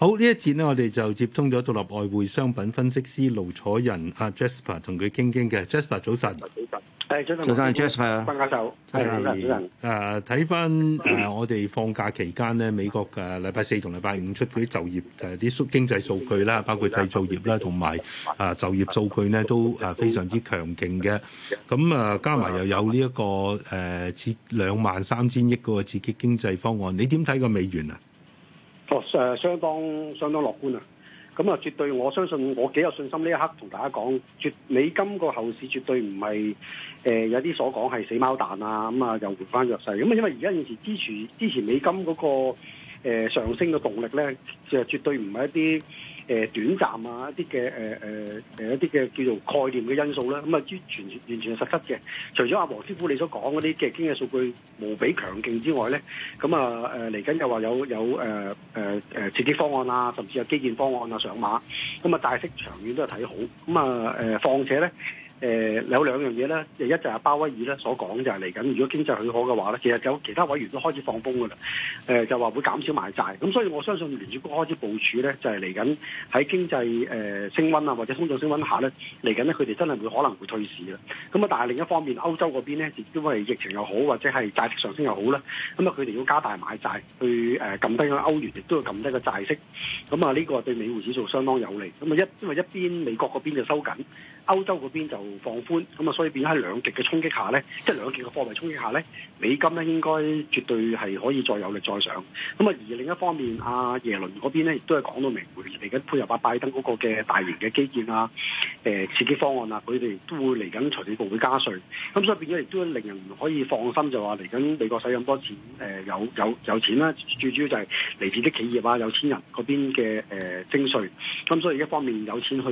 好，呢一節呢，我哋就接通咗獨立外匯商品分析師盧楚仁阿 Jasper 同佢傾傾嘅。Jasper 早晨，早晨，早晨，Jasper，係啊，早晨，睇翻誒，我哋放假期間呢，美國誒禮拜四同禮拜五出嗰啲就業啲、啊、經濟數據啦，包括製造業啦，同、啊、埋、啊、就業數據呢，都非常之強勁嘅。咁啊，加埋又有呢、這、一個誒，兩、啊、萬三千億嗰個刺激經濟方案，你點睇個美元啊？哦，誒，相當相當樂觀啊！咁、嗯、啊，絕對，我相信我幾有信心，呢一刻同大家講，絕美金個後市絕對唔係誒有啲所講係死貓彈啊！咁、嗯、啊，又回翻弱勢，咁、嗯、啊，因為而家現時支持之前美金嗰、那個。誒、呃、上升嘅動力咧，就絕對唔係一啲誒、呃、短暫啊一啲嘅誒誒誒一啲嘅叫做概念嘅因素啦。咁啊，依完全完全實質嘅。除咗阿黃師傅你所講嗰啲嘅經濟數據無比強勁之外咧，咁啊誒嚟緊又話有有誒誒誒刺激方案啊，甚至有基建方案啊上馬。咁啊，大市長遠都係睇好。咁啊誒，況且咧。誒、呃、有兩樣嘢咧，就一就係鮑威爾咧所講就係嚟緊。如果經濟許可嘅話咧，其實有其他委員都開始放風噶啦。誒、呃、就話會減少買債。咁所以我相信聯儲局開始部署咧，就係嚟緊喺經濟誒、呃、升溫啊或者通脹升溫下咧，嚟緊咧佢哋真係會可能會退市啦。咁啊，但係另一方面歐洲嗰邊咧，亦都係疫情又好或者係債息上升又好啦。咁啊佢哋要加大買債去誒撳低歐元，亦都要撳低個債息。咁啊呢個對美匯指數相當有利。咁啊一因為一邊美國嗰邊就收緊，歐洲嗰邊就放寬。咁啊，所以變咗喺兩極嘅衝擊下咧，即係兩極嘅貨幣衝擊下咧，美金咧應該絕對係可以再有力再上。咁啊，而另一方面，阿、啊、耶倫嗰邊咧亦都係講到明，嚟緊配合阿、啊、拜登嗰個嘅大型嘅基建啊、誒、呃、刺激方案啊，佢哋都會嚟緊財政部會加稅。咁所以變咗亦都令人可以放心，就話嚟緊美國使咁多錢誒、呃，有有有錢啦、啊。最主要就係嚟自啲企業啊、有錢人嗰邊嘅誒、呃、徵稅。咁所以一方面有錢去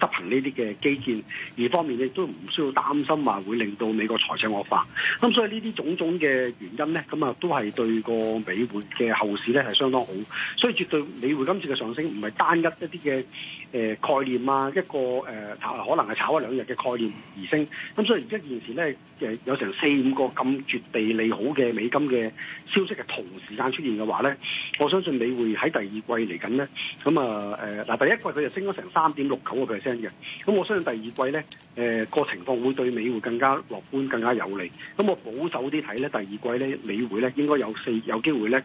執行呢啲嘅基建，二方面，亦都唔需要擔心話會令到美國財政惡化，咁、嗯、所以呢啲種種嘅原因咧，咁、嗯、啊都係對個美匯嘅後市咧係相當好，所以絕對美匯今次嘅上升唔係單一一啲嘅誒概念啊，一個誒、呃、可能係炒一兩日嘅概念而升，咁、嗯、所以而家現時咧誒有成四五個咁絕地利好嘅美金嘅消息嘅同時間出現嘅話咧，我相信美匯喺第二季嚟緊咧，咁啊誒嗱第一季佢就升咗成三點六九個 percent 嘅，咁我相信第二季咧誒。呃誒個情況會對美匯更加樂觀，更加有利。咁我保守啲睇咧，第二季咧美匯咧應該有四有機會咧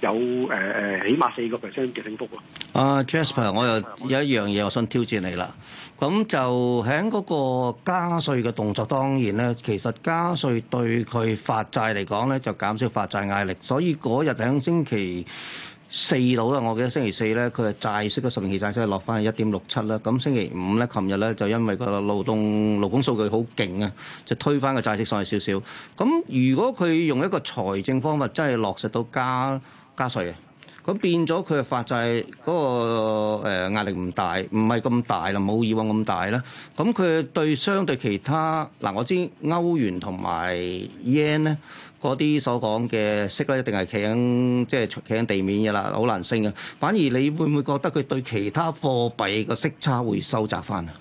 有誒誒、呃、起碼四個 percent 嘅升幅啊、uh，Jasper，我又有一樣嘢我想挑戰你啦。咁就喺嗰個加稅嘅動作，當然咧，其實加稅對佢發債嚟講咧就減少發債壓力，所以嗰日喺星期四度啦，我記得星期四咧，佢係債息嗰十年期債息係落翻去一點六七啦。咁星期五咧，琴日咧就因為個勞動勞工數據好勁啊，就推翻個債息上去少少。咁如果佢用一個財政方法，真係落實到加加稅嘅？咁變咗佢嘅法就嗰個壓力唔大，唔係咁大啦，冇以往咁大啦。咁佢對相對其他嗱，我知歐元同埋 yen 咧嗰啲所講嘅息咧，一定係企喺即係企喺地面嘅啦，好難升嘅。反而你會唔會覺得佢對其他貨幣個息差會收窄翻啊？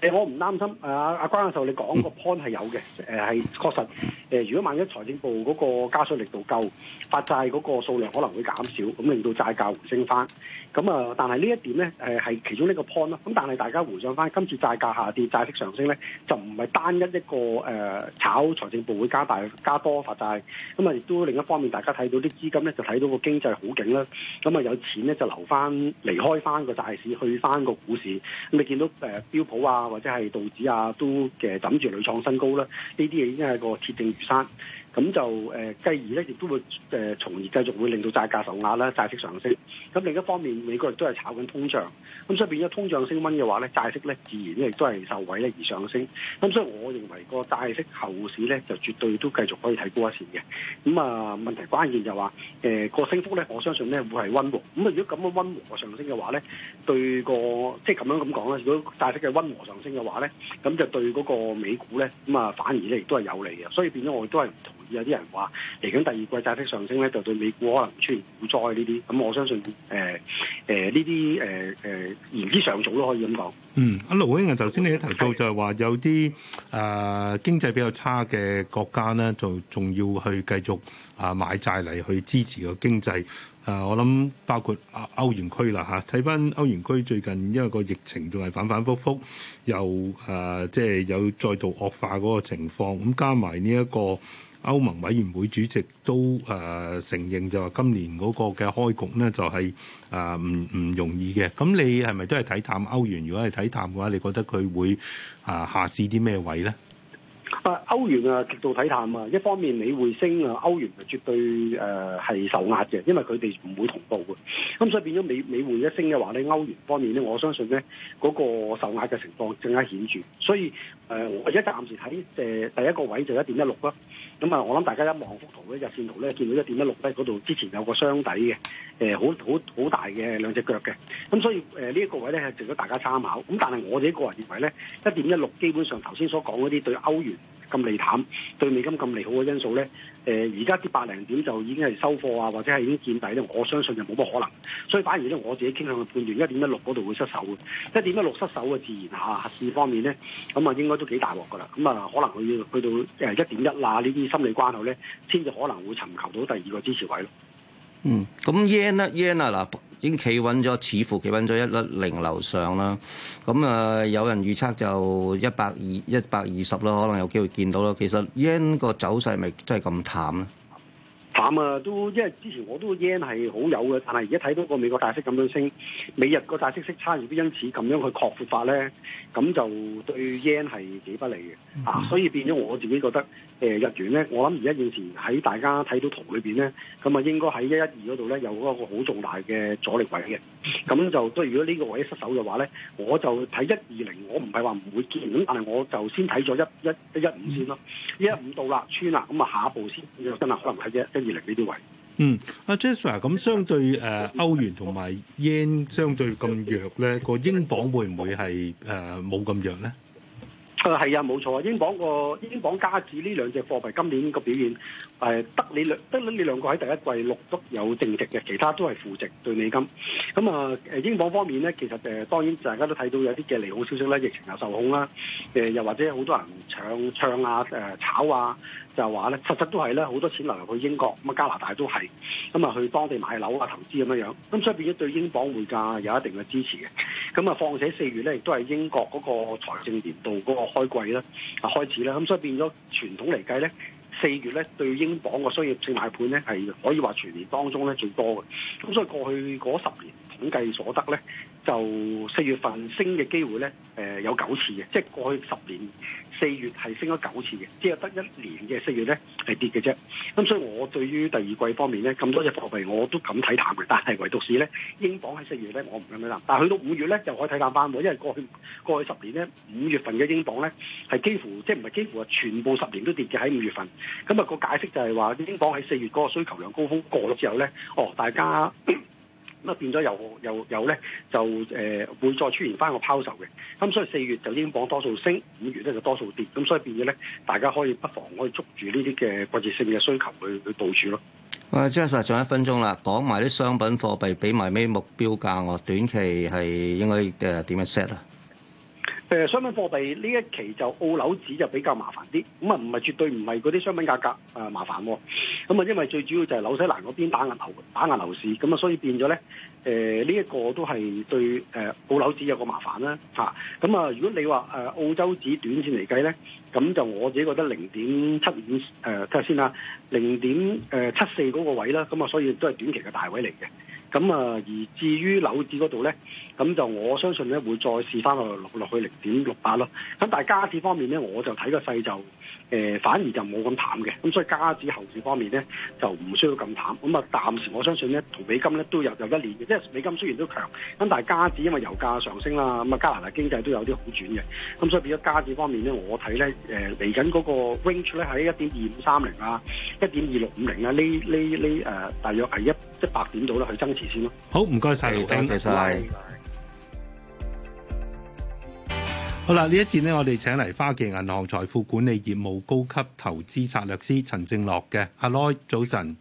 欸、我唔擔心，啊啊關教授，你講個 point 係有嘅，係確實、呃，如果萬一財政部嗰個加稅力度夠，發債嗰個數量可能會減少，咁令到債價回升翻。咁啊，但係呢一點咧，係、呃、其中一個 point 咯。咁但係大家回想翻，今次債價下跌、債息上升咧，就唔係單一一個誒、呃、炒財政部會加大加多發債。咁啊，亦都另一方面，大家睇到啲資金咧就睇到個經濟好勁啦。咁啊有錢咧就留翻離開翻個債市去翻個股市。咁你見到、呃、標普啊？啊，或者係道指啊，都嘅枕住屢創新高啦，呢啲嘢已經係個鐵證如山。咁就誒、呃、繼而咧，亦都會誒、呃、從而繼續會令到債價受壓啦，債息上升。咁另一方面，美國亦都係炒緊通脹，咁所以變咗通脹升溫嘅話咧，債息咧自然咧亦都係受惠咧而上升。咁所以，我認為個債息後市咧就絕對都繼續可以睇高一線嘅。咁啊，問題關鍵就話誒、呃那個升幅咧，我相信咧會係溫和。咁啊，如果咁樣溫和上升嘅話咧，對個即係咁樣咁講啦，如果債息嘅溫和上升嘅話咧，咁就對嗰個美股咧，咁啊反而咧亦都係有利嘅。所以變咗我亦都係唔同。有啲人話嚟緊第二季債息上升咧，就對美股可能不出現股災呢啲。咁我相信誒誒呢啲誒誒言之尚早都可以咁講。嗯，阿盧楚仁，頭先你都提到就係話有啲誒、呃、經濟比較差嘅國家呢，就仲要去繼續啊買債嚟去支持個經濟。誒、呃，我諗包括歐元區啦嚇。睇返歐元區最近因為個疫情仲係反反覆覆，又誒即係有再度惡化嗰個情況。咁加埋呢一個。歐盟委員會主席都誒、呃、承認就話今年嗰個嘅開局呢就係誒唔唔容易嘅，咁你係咪都係睇淡歐元？如果係睇淡嘅話，你覺得佢會啊、呃、下試啲咩位呢？啊，歐元啊，極度睇淡啊！一方面美匯升啊，歐元就絕對誒係受壓嘅，因為佢哋唔會同步嘅，咁所以變咗美美匯一升嘅話咧，你歐元方面咧，我相信咧嗰、嗰個受壓嘅情況更加顯著，所以。我、呃、或者暫時睇誒、呃、第一個位就一點一六咯。咁啊，我諗大家一望幅圖咧，日線圖咧，見到一點一六咧，嗰度之前有個雙底嘅，誒好好好大嘅兩隻腳嘅。咁所以誒呢一個位咧係值得大家參考。咁但係我哋個人認為咧，一點一六基本上頭先所講嗰啲對歐元，咁利淡對美金咁利好嘅因素咧，誒而家啲百零點就已經係收貨啊，或者係已經見底咧，我相信就冇乜可能，所以反而咧我自己傾向去判斷一點一六嗰度會失手嘅，一點一六失手嘅自然下，嚇、啊，匯市方面咧，咁啊應該都幾大鑊噶啦，咁啊可能佢要去到誒一點一嗱呢啲心理關口咧，先至可能會尋求到第二個支持位咯。嗯，咁 yen 咧 yen 啊嗱。已經企穩咗，似乎企穩咗一粒零樓上啦。咁啊，有人預測就一百二、一百二十啦，可能有機會見到啦。其實 yen 個走勢咪真係咁淡咧？啊，都因為之前我都 yen 係好有嘅，但係而家睇到個美國大息咁樣升，美日個大息息差如果因此咁樣去擴闊法咧，咁就對 yen 係幾不利嘅，啊，所以變咗我自己覺得誒、呃、日元咧，我諗而家現時喺大家睇到圖裏邊咧，咁啊應該喺一一二嗰度咧有嗰個好重大嘅阻力位嘅，咁就都如果呢個位失手嘅話咧，我就睇一二零，我唔係話唔會見，但係我就先睇咗一一一一五先咯，一一五到啦穿啦，咁啊下一步先真係可能睇一一。位。嗯，阿 Jasper，咁相對誒歐元同埋 yen 相對咁弱咧，個英鎊會唔會係誒冇咁弱咧？啊，係啊，冇、呃、錯，啊、那個呃，英鎊個英鎊加紙呢兩隻貨幣今年個表現。誒得你兩得你兩個喺第一季六都有正值嘅，其他都係負值對美金。咁啊，誒英鎊方面咧，其實誒、呃、當然大家都睇到有啲嘅利好消息咧，疫情又受控啦、呃。又或者好多人搶唱，唱啊、誒、呃、炒啊，就話咧，實質都係咧好多錢流入去英國，咁啊加拿大都係，咁啊去當地買樓啊、投資咁樣。咁所以變咗對英鎊匯價有一定嘅支持嘅。咁啊，況且四月咧亦都係英國嗰個財政年度嗰個開季啦，開始啦。咁所以變咗傳統嚟計咧。四月咧對英鎊嘅商業性買盤咧係可以話全年當中咧最多嘅，咁所以過去嗰十年統計所得咧。就四月份升嘅機會咧，誒、呃、有九次嘅，即係過去十年四月係升咗九次嘅，只有得一年嘅四月咧係跌嘅啫。咁所以我對於第二季方面咧，咁多隻貨幣我都敢睇淡嘅，但係唯獨是咧，英鎊喺四月咧我唔敢睇淡，但係去到五月咧又可以睇淡翻，因為過去過去十年咧五月份嘅英鎊咧係幾乎，即係唔係幾乎啊，全部十年都跌嘅喺五月份。咁、那、啊個解釋就係話英鎊喺四月嗰個需求量高峰過咗之後咧，哦，大家。 咁變咗又又又咧，就誒、呃、會再出現翻個拋售嘅，咁所以四月就英鎊多數升，五月咧就多數跌，咁所以變咗咧，大家可以不妨可以捉住呢啲嘅季節性嘅需求去去部署咯。啊，張生啊，仲有一分鐘啦，講埋啲商品貨幣，俾埋咩目標價，我短期係應該誒點樣 set 啊？誒商品貨幣呢一期就澳樓指就比較麻煩啲，咁啊唔係絕對唔係嗰啲商品價格啊麻煩，咁啊因為最主要就係紐西蘭嗰邊打壓樓打壓樓市，咁啊所以變咗咧誒呢一個都係對澳樓指有個麻煩啦嚇，咁啊如果你話誒澳洲指短線嚟計咧，咁就我自己覺得零點七五誒睇下先啦，零點誒七四嗰個位啦，咁啊所以都係短期嘅大位嚟嘅。咁啊，而至於柳子嗰度咧，咁就我相信咧會再試翻落落落去零點六八咯。咁但係加子方面咧，我就睇個勢就誒、呃，反而就冇咁淡嘅。咁所以加子後市方面咧，就唔需要咁淡。咁啊，暫時我相信咧，同美金咧都有有一年嘅，即係美金雖然都強，咁但係加子因為油價上升啦，咁啊加拿大經濟都有啲好轉嘅。咁所以變咗加子方面咧，我睇咧誒嚟緊嗰個 range 咧喺一點二五三零啊，一點二六五零啊，呢呢呢誒，大約係一。一百點到啦，去爭持先咯。好，唔該曬，是力謝謝曬。好啦，呢一節呢，我哋請嚟花旗銀行財富管理業務高級投資策略師陳正犖嘅。阿 Lok，早晨。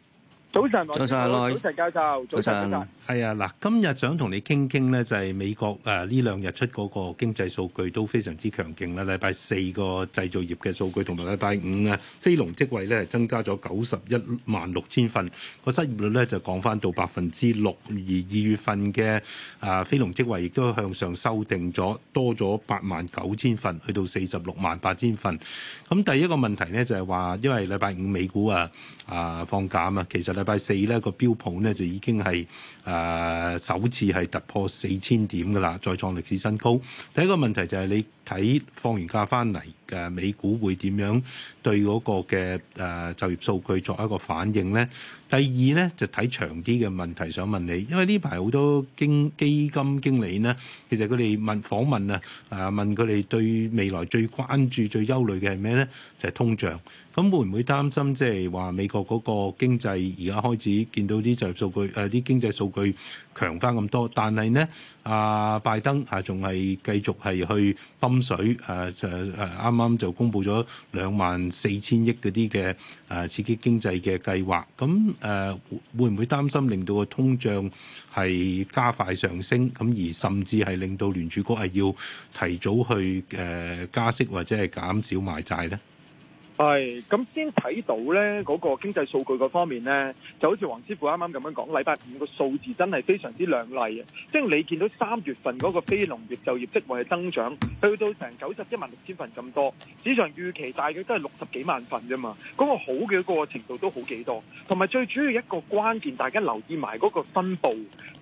早晨，早晨，阿來晨。Alo y，早晨，教授。早晨。早晨。係啊，嗱，今日想同你傾傾咧，就係誒美國呢兩日出嗰個經濟數據都非常之強勁啦。禮拜四個製造業嘅數據，同埋禮拜五啊，非農職位咧增加咗九十一萬六千份，個失業率咧就降翻到百分之六，而二月份嘅啊非農職位亦都向上修訂咗，多咗八萬九千份，去到四十六萬八千份。咁第一個問題呢，就係話，因為禮拜五美股啊啊放假啊嘛，其實禮拜四呢個標普呢就已經係誒。呃，首次係突破四千點噶啦，再創歷史新高。第一個問題就係你。睇放完假翻嚟嘅美股會點樣對嗰個嘅誒就業數據作一個反應咧，第二咧就睇長啲嘅問題想問你，因為呢排好多經基金經理咧，其實佢哋問訪問啊誒問佢哋對未來最關注最憂慮嘅係咩咧就係、是、通脹，咁會唔會擔心即係話美國嗰個經濟而家開始見到啲就業數據誒啲、呃、經濟數據強翻咁多，但係咧啊拜登啊仲係繼續係去水誒誒誒，啱啱就公布咗兩萬四千億嗰啲嘅誒刺激經濟嘅計劃，咁誒會唔會擔心令到個通脹係加快上升，咁而甚至係令到聯儲局係要提早去誒加息或者係減少賣債呢？係，咁、哎、先睇到呢嗰、嗰個經濟數據嗰方面呢，就好似黃師傅啱啱咁樣講，禮拜五個數字真係非常之亮麗，即係你見到三月份嗰個非農業就業職位增長，去到成九十一萬六千份咁多，市場預期大概都係六十幾萬份啫嘛，嗰、嗰個好嘅一個程度都好幾多，同埋最主要一個關鍵，大家留意埋嗰個分佈，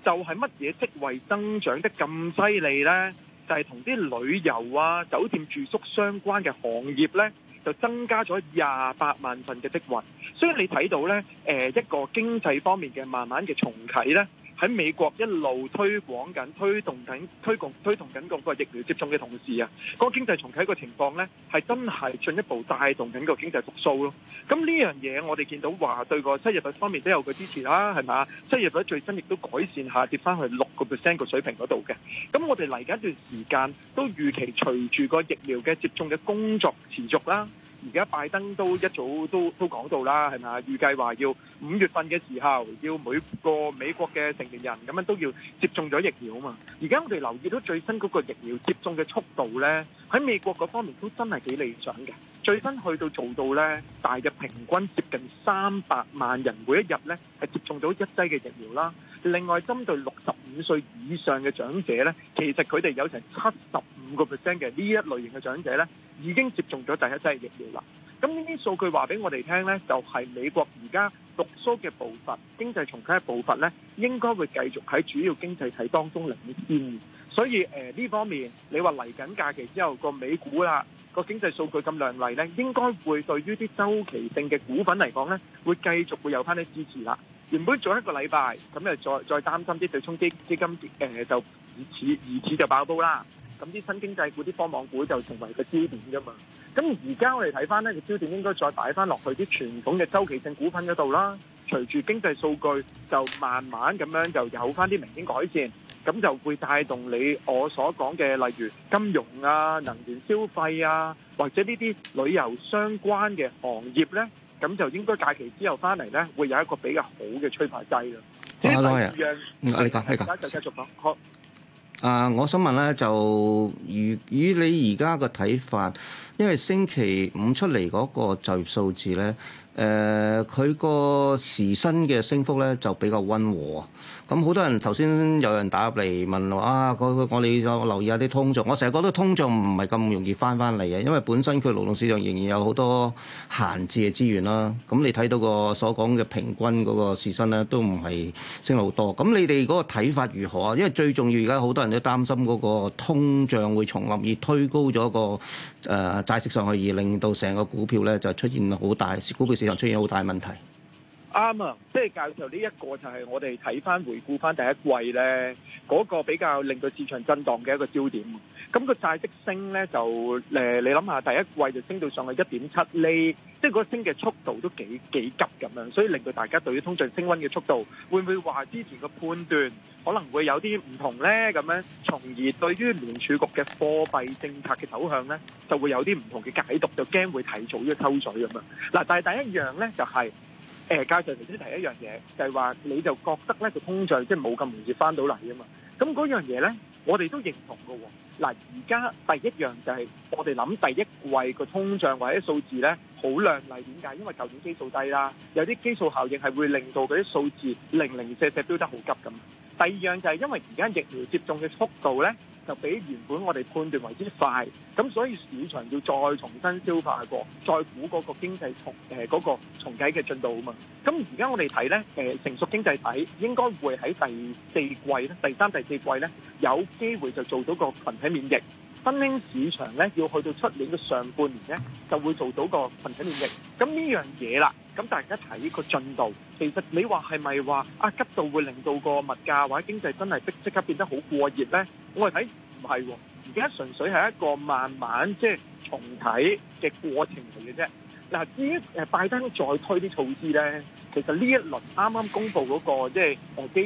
就係乜嘢職位增長得咁犀利呢？就係同啲旅遊啊、酒店住宿相關嘅行業呢，就增加咗廿八萬份嘅職位，所以你睇到咧，誒、呃，一個經濟方面嘅慢慢嘅重啟咧。喺美國一路推廣緊、推動緊、推共推動緊個疫苗接種嘅同時啊，個經濟重啟個情況咧，係真係進一步帶動緊個經濟復甦咯。咁呢樣嘢我哋見到話對個失業率方面都有個支持啦，係咪？失業率最新亦都改善下跌，跌翻去六個 percent 嘅水平嗰度嘅。咁我哋嚟緊一段時間都預期隨住個疫苗嘅接種嘅工作持續啦。而家拜登都一早都都講到啦，係咪？預計話要五月份嘅時候，要每個美國嘅成年人咁樣都要接種咗疫苗啊嘛。而家我哋留意到最新嗰個疫苗接種嘅速度咧，喺美國嗰方面都真係幾理想嘅。最新去到做到咧，大約平均接近三百萬人每一日咧，係接種到一劑嘅疫苗啦。另外，針對六十五歲以上嘅長者咧，其實佢哋有成七十五個 percent 嘅呢一類型嘅長者咧，已經接種咗第一劑疫苗啦。咁呢啲數據話俾我哋聽呢，就係、是、美國而家復甦嘅步伐、經濟重啟嘅步伐呢，應該會繼續喺主要經濟體當中嚟到。所以誒呢、呃、方面，你話嚟緊假期之後個美股啦、啊，個經濟數據咁亮麗呢，應該會對於啲周期性嘅股份嚟講呢，會繼續會有翻啲支持啦。原本早一個禮拜，咁又再再擔心啲對沖基基金誒、呃、就以此以此就爆煲啦。咁啲新經濟股、啲科網股就成為個支點㗎嘛。咁而家我哋睇翻呢個焦點應該再擺翻落去啲傳統嘅周期性股份嗰度啦。隨住經濟數據就慢慢咁樣就有翻啲明顯改善，咁就會帶動你我所講嘅，例如金融啊、能源消費啊，或者呢啲旅遊相關嘅行業呢。咁就應該假期之後翻嚟呢，會有一個比較好嘅催化劑啦。阿羅啊，嗯，你講，你就繼續講，好。啊、呃！我想問咧，就與與你而家嘅睇法，因為星期五出嚟嗰個就業數字咧。誒佢個時薪嘅升幅咧就比較溫和，咁好多人頭先有人打入嚟問話，啊，我我我哋留意一下啲通脹，我成日覺得通脹唔係咁容易翻翻嚟嘅，因為本身佢勞動市場仍然有好多閒置嘅資源啦。咁你睇到個所講嘅平均嗰個時薪咧，都唔係升好多。咁你哋嗰個睇法如何啊？因為最重要而家好多人都擔心嗰個通脹會重臨而推高咗個誒、呃、債息上去，而令到成個股票咧就出現好大股票市出現好大問題。啱啊，即係教授呢一個就係我哋睇翻回顧翻第一季咧，嗰、那個比較令到市場震盪嘅一個焦點。咁、那個債息升咧就、呃、你諗下第一季就升到上去一點七厘，即係嗰個升嘅速度都幾幾急咁樣，所以令到大家對於通脹升溫嘅速度會唔會話之前嘅判斷可能會有啲唔同咧？咁樣，從而對於聯儲局嘅貨幣政策嘅走向咧，就會有啲唔同嘅解讀，就驚會提早嘅抽水咁樣。嗱，但係第一樣咧就係、是。誒，加上頭先提一樣嘢，就係話你就覺得咧，個通脹即係冇咁容易翻到嚟啊嘛。咁嗰樣嘢咧，我哋都認同㗎喎。嗱，而家第一樣就係我哋諗第一季個通脹或者數字咧，好靚麗，點解？因為舊年基數低啦，有啲基數效應係會令到嗰啲數字零零舍舍飆得好急咁。第二樣就係因為而家疫苗接種嘅速度咧。就比原本我哋判斷為之快，咁所以市場要再重新消化過，再估嗰個經濟重誒嗰、嗰個、重啟嘅進度啊嘛。咁而家我哋睇咧誒，成熟經濟體應該會喺第四季咧，第三、第四季咧有機會就做到個群體免疫。新興市場咧，要去到出年嘅上半年咧，就會做到個群體免疫。咁呢樣嘢啦，咁大家睇呢個進度，其實你話係咪話啊急到會令到個物價或者經濟真係即即刻變得好過熱咧？我哋睇唔係喎，而家、哦、純粹係一個慢慢即係、就是、重啓嘅過程嚟嘅啫。嗱、啊，至於拜登再推啲措施咧，其實呢一輪啱啱公布嗰、那個即係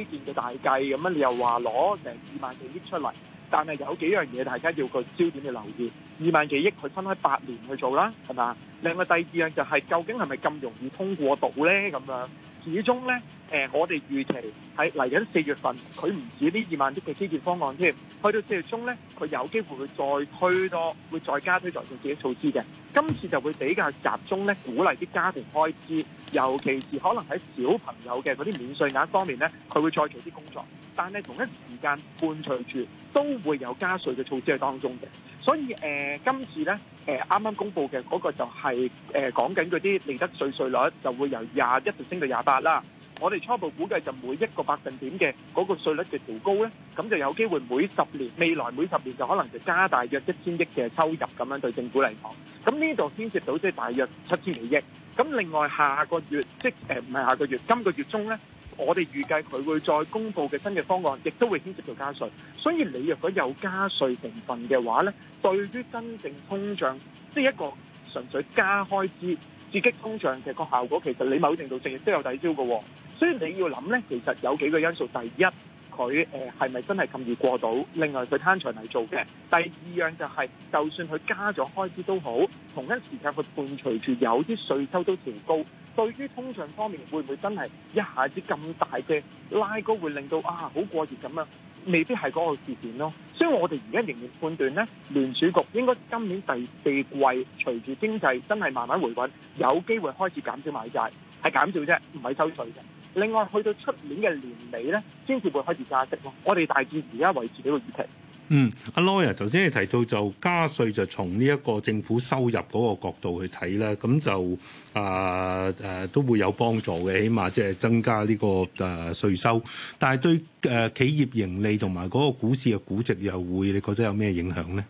誒基建嘅大計，咁你又話攞成二萬幾億出嚟。但係有幾樣嘢大家要個焦點去留意，二萬幾億佢分開八年去做啦，係嘛？另外第二樣就係究竟係咪咁容易通過到呢？咁樣，始終呢。誒、呃，我哋預期喺嚟緊四月份，佢唔止呢二萬億嘅基建方案添，去到四月中咧，佢有機會會再推多，會再加推財政自己措施嘅。今次就會比較集中咧，鼓勵啲家庭開支，尤其是可能喺小朋友嘅嗰啲免稅額方面咧，佢會再做啲工作。但係同一時間伴隨住都會有加稅嘅措施喺當中嘅。所以誒、呃，今次咧誒，啱啱公布嘅嗰個就係誒講緊嗰啲利得稅稅率就會由廿一升到廿八啦。我哋初步估計就每一個百分點嘅嗰個稅率嘅調高呢。咁就有機會每十年未來每十年就可能就加大約一千億嘅收入咁樣對政府嚟講，咁呢度牽涉到即係大約七千幾億。咁另外下個月即係誒唔係下個月，今個月中呢，我哋預計佢會再公布嘅新嘅方案，亦都會牽涉到加稅。所以你如果有加稅成分嘅話呢，對於真正通脹，即係一個純粹加開支刺，刺激通脹嘅個效果，其實你某程度上亦都有抵消嘅喎。所以你要諗呢，其實有幾個因素。第一，佢誒係咪真係咁易過到？另外佢攤場嚟做嘅。第二樣就係、是，就算佢加咗開支都好，同一時間佢伴隨住有啲稅收都調高。對於通脹方面，會唔會真係一下子咁大嘅拉高，會令到啊好過熱咁啊？未必係嗰個事件咯。所以我哋而家仍然判斷呢，聯儲局應該今年第四季隨住經濟真係慢慢回穩，有機會開始減少買債，係減少啫，唔係收稅嘅。另外，去到出年嘅年尾咧，先至會開始加息咯。我哋大致而家維持呢個預期。嗯，阿 Loy 啊，頭先你提到就加稅就從呢一個政府收入嗰個角度去睇咧，咁就啊誒、呃呃、都會有幫助嘅，起碼即係增加呢、這個誒稅、呃、收。但係對誒、呃、企業盈利同埋嗰個股市嘅估值又會，你覺得有咩影響咧？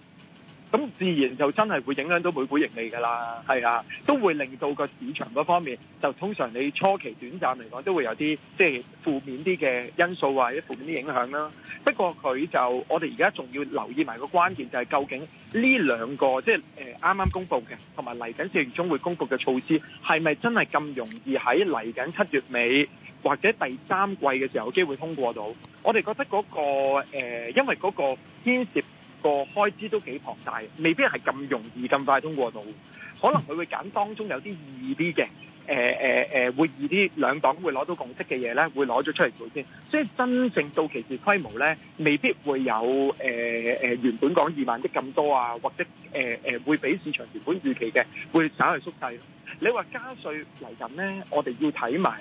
咁自然就真係會影響到每股盈利㗎啦，係啊，都會令到個市場嗰方面就通常你初期短暫嚟講都會有啲即係負面啲嘅因素啊，或者負面啲影響啦。不過佢就我哋而家仲要留意埋個關鍵就係、是、究竟呢兩個即係誒啱啱公佈嘅，同埋嚟緊四月中會公佈嘅措施係咪真係咁容易喺嚟緊七月尾或者第三季嘅時候有機會通過到？我哋覺得嗰、那個誒、呃，因為嗰個牽涉。個開支都幾龐大，未必係咁容易咁快通過到，可能佢會揀當中有啲易啲嘅，誒誒誒會易啲兩黨會攞到共識嘅嘢咧，會攞咗出嚟做先，所以真正到期時規模咧，未必會有誒誒、呃呃、原本講二萬億咁多啊，或者誒誒、呃、會比市場原本預期嘅會稍為縮細。你話加稅嚟緊咧，我哋要睇埋。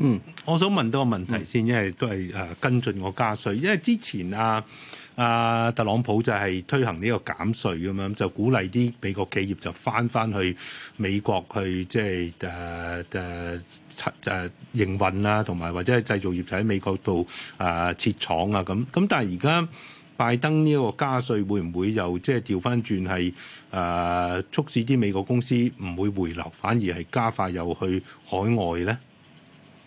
嗯，我想問到個問題先，因為都係誒、呃、跟進我加稅。因為之前啊啊，特朗普就係推行呢個減稅咁樣，就鼓勵啲美國企業就翻翻去美國去即係誒誒七誒營運啦，同埋或者係製造業就喺美國度啊設廠啊咁。咁但係而家拜登呢個加稅會唔會又即係調翻轉係誒促使啲美國公司唔會回流，反而係加快又去海外咧？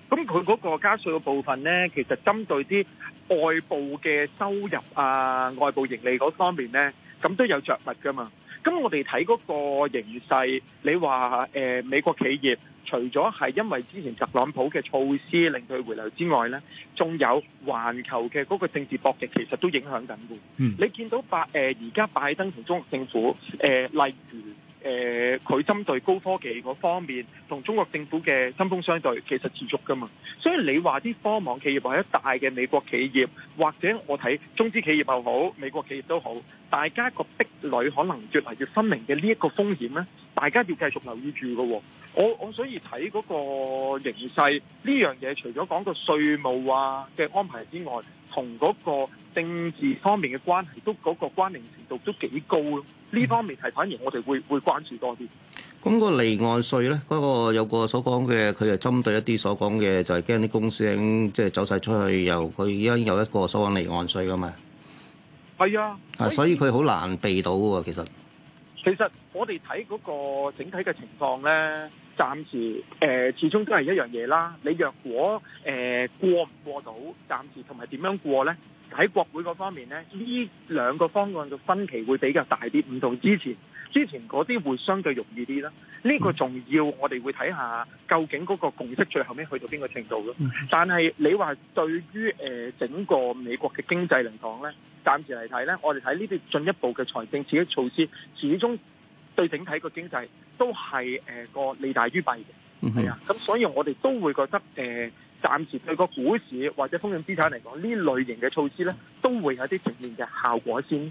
咁佢嗰個加稅嘅部分咧，其實針對啲外部嘅收入啊、外部盈利嗰方面咧，咁都有着物噶嘛。咁我哋睇嗰個形勢，你話誒、呃、美國企業除咗係因為之前特朗普嘅措施令佢回流之外咧，仲有環球嘅嗰個政治博弈，其實都影響緊嘅。嗯，你見到拜誒，而家拜登同中國政府誒、呃，例如。誒，佢針對高科技嗰方面同中國政府嘅針鋒相對，其實持續噶嘛。所以你話啲科網企業或者大嘅美國企業，或者我睇中資企業又好，美國企業都好，大家個壁壘可能越嚟越分明嘅呢一個風險咧，大家要繼續留意住嘅、哦。我我所以睇嗰個形勢呢樣嘢，除咗講個稅務啊嘅安排之外，同嗰個政治方面嘅關係都嗰個關聯程度都幾高咯，呢方面係反而我哋會會關注多啲。咁個離岸稅咧，嗰個有個所講嘅，佢係針對一啲所講嘅，就係驚啲公司咧，即係走曬出去，又佢而家有一個所講離岸稅㗎嘛。係啊，啊，所以佢好難避到嘅喎，其實。其實我哋睇嗰個整體嘅情況咧。暫時誒、呃，始終都係一樣嘢啦。你若果誒、呃、過唔過到，暫時同埋點樣過呢？喺國會嗰方面呢，呢兩個方案嘅分歧會比較大啲，唔同之前。之前嗰啲會相對容易啲啦。呢個仲要我哋會睇下，究竟嗰個共識最後尾去到邊個程度咯。但係你話對於、呃、整個美國嘅經濟嚟講呢，暫時嚟睇呢，我哋睇呢啲進一步嘅財政刺激措施，始終。對整體個經濟都係誒個利大於弊嘅，係啊，咁所以我哋都會覺得誒暫時對個股市或者風險資產嚟講，呢類型嘅措施咧都會有啲正面嘅效果先。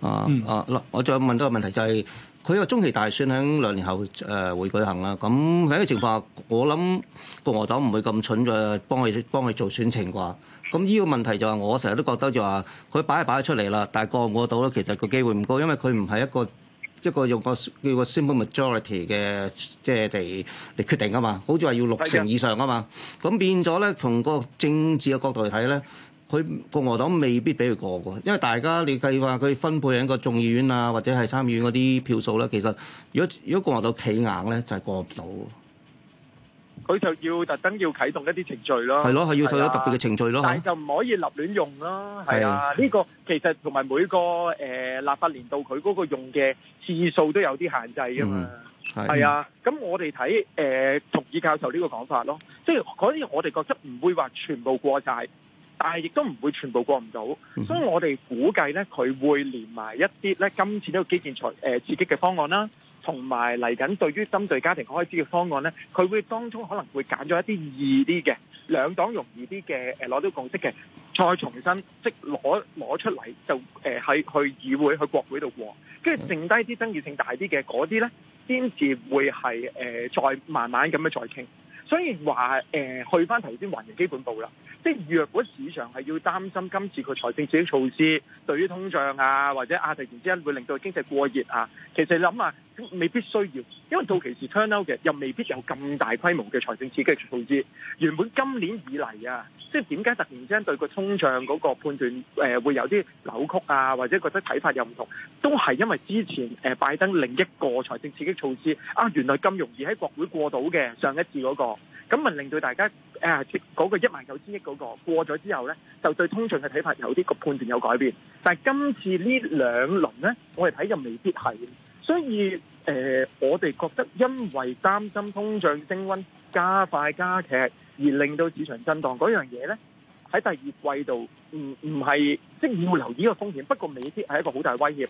啊啊嗱，我再問多到個問題就係，佢個中期大選喺兩年後誒會舉行啦，咁喺個情況，我諗共和黨唔會咁蠢嘅幫佢幫佢做選情啩？咁呢個問題就係我成日都覺得就話佢擺係擺係出嚟啦，但係過唔過到咧？其實個機會唔高，因為佢唔係一個。一個用個叫個 simple majority 嘅，即係嚟嚟決定啊嘛，好似話要六成以上啊嘛，咁變咗咧，從個政治嘅角度嚟睇咧，佢共和黨未必俾佢過喎，因為大家你計話佢分配喺個眾議院啊，或者係參議院嗰啲票數咧，其實如果如果共和黨企硬咧，就係過唔到。佢就要特登要啟動一啲程序咯，係咯，係要有特別嘅程序咯，但係就唔可以立亂用咯，係啊，呢個其實同埋每個誒立法年度佢嗰個用嘅次數都有啲限制噶嘛，係啊，咁我哋睇誒同意教授呢個講法咯，即係嗰啲我哋覺得唔會話全部過晒，但係亦都唔會全部過唔到，所以我哋估計咧佢會連埋一啲咧今次呢個基建財誒刺激嘅方案啦。同埋嚟緊對於針對家庭開支嘅方案呢，佢會當中可能會揀咗一啲易啲嘅、兩黨容易啲嘅攞到共識嘅，再重新即攞攞出嚟就誒喺、呃、去議會、去國會度過，跟住剩低啲爭議性大啲嘅嗰啲呢，先至會係誒、呃、再慢慢咁樣再傾。所以話誒去返頭先還原基本步啦，即若果市場係要擔心今次個財政刺激措施對於通脹啊，或者啊突然之間會令到經濟過熱啊，其實你諗下～未必需要，因為到期時 turn out 嘅，又未必有咁大規模嘅財政刺激措施。原本今年以嚟啊，即係點解突然之間對個通脹嗰個判斷誒、呃、會有啲扭曲啊，或者覺得睇法又唔同，都係因為之前、呃、拜登另一個財政刺激措施啊，原來咁容易喺國會過到嘅上一次嗰、那個，咁咪令到大家誒嗰、呃那個一萬九千億嗰、那個過咗之後咧，就對通脹嘅睇法有啲個判斷有改變，但係今次兩輪呢兩輪咧，我哋睇又未必係。所以，誒、呃，我哋覺得因為擔心通脹升溫加快加劇，而令到市場震盪嗰樣嘢呢，喺第二季度唔唔係即係要留意呢個風險，不過未必係一個好大威脅。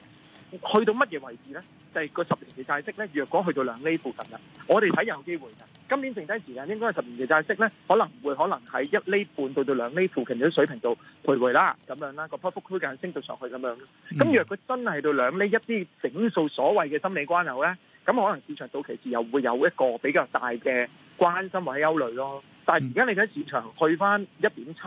去到乜嘢位置呢？就係、是、個十年期債息呢。若果去到兩厘附近啦，我哋睇有機會嘅。今年剩低時間應該係十年嘅債息咧，可能會可能喺一厘半到到兩厘附近嘅水平度徘徊啦，咁樣啦，個波幅區間升到上去咁樣。咁若果真係到兩厘一啲整數所謂嘅心理關口咧，咁可能市場到期時又會有一個比較大嘅關心或者憂慮咯。但係而家你睇市場去翻一點七，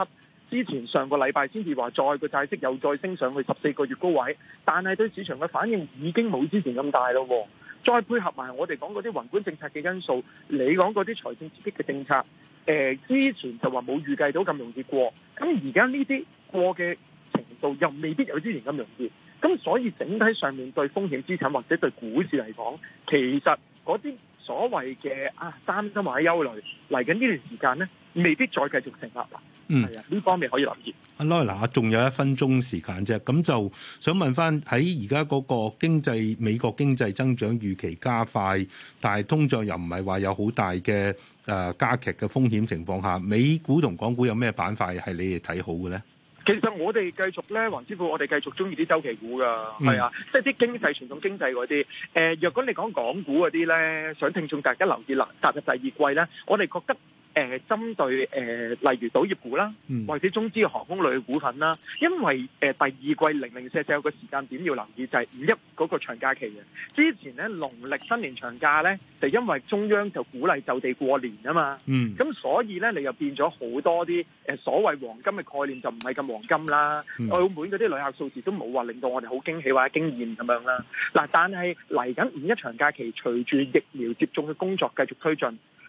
之前上個禮拜先至話再個債息又再升上去十四個月高位，但係對市場嘅反應已經冇之前咁大咯。再配合埋我哋講嗰啲宏觀政策嘅因素，你講嗰啲財政刺激嘅政策，誒、呃、之前就話冇預計到咁容易過，咁而家呢啲過嘅程度又未必有之前咁容易，咁所以整體上面對風險資產或者對股市嚟講，其實嗰啲所謂嘅啊擔心或者憂慮嚟緊呢段時間呢。未必再繼續成立啦。嗯，呢方面可以留意。阿羅嗱，仲有一分鐘時間啫，咁就想問翻喺而家嗰個經濟，美國經濟增長預期加快，但係通脹又唔係話有好大嘅誒加劇嘅風險情況下，美股同港股有咩板塊係你哋睇好嘅咧？其實我哋繼續咧，黃師傅，我哋繼續中意啲週期股㗎，係啊，即係啲經濟、傳統經濟嗰啲。誒，若果你講港股嗰啲咧，想聽眾大家留意啦，踏入第二季咧，我哋覺得。誒，針對誒、呃，例如賭業股啦，或者中資航空類嘅股份啦，因為誒、呃、第二季零零舍舍有個時間點要留意就係五一嗰個長假期嘅。之前咧，農曆新年長假咧，就因為中央就鼓勵就地過年啊嘛。咁、嗯、所以咧，你又變咗好多啲誒、呃、所謂黃金嘅概念就唔係咁黃金啦。嗯、澳門嗰啲旅客數字都冇話令到我哋好驚喜或者驚艷咁樣啦。嗱，但係嚟緊五一長假期，隨住疫苗接種嘅工作繼續推進。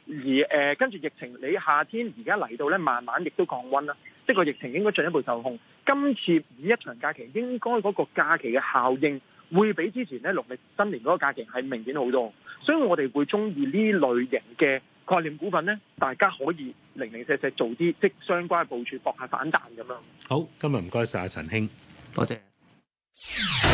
而誒跟住疫情，你夏天而家嚟到咧，慢慢亦都降溫啦。即係個疫情應該進一步受控。今次五一長假期應該嗰個假期嘅效應會比之前咧農曆新年嗰個假期係明顯好多，所以我哋會中意呢類型嘅概念股份咧，大家可以零零碎碎做啲即相關部署博下反彈咁樣。好，今日唔該晒阿陳兄，多謝、謝。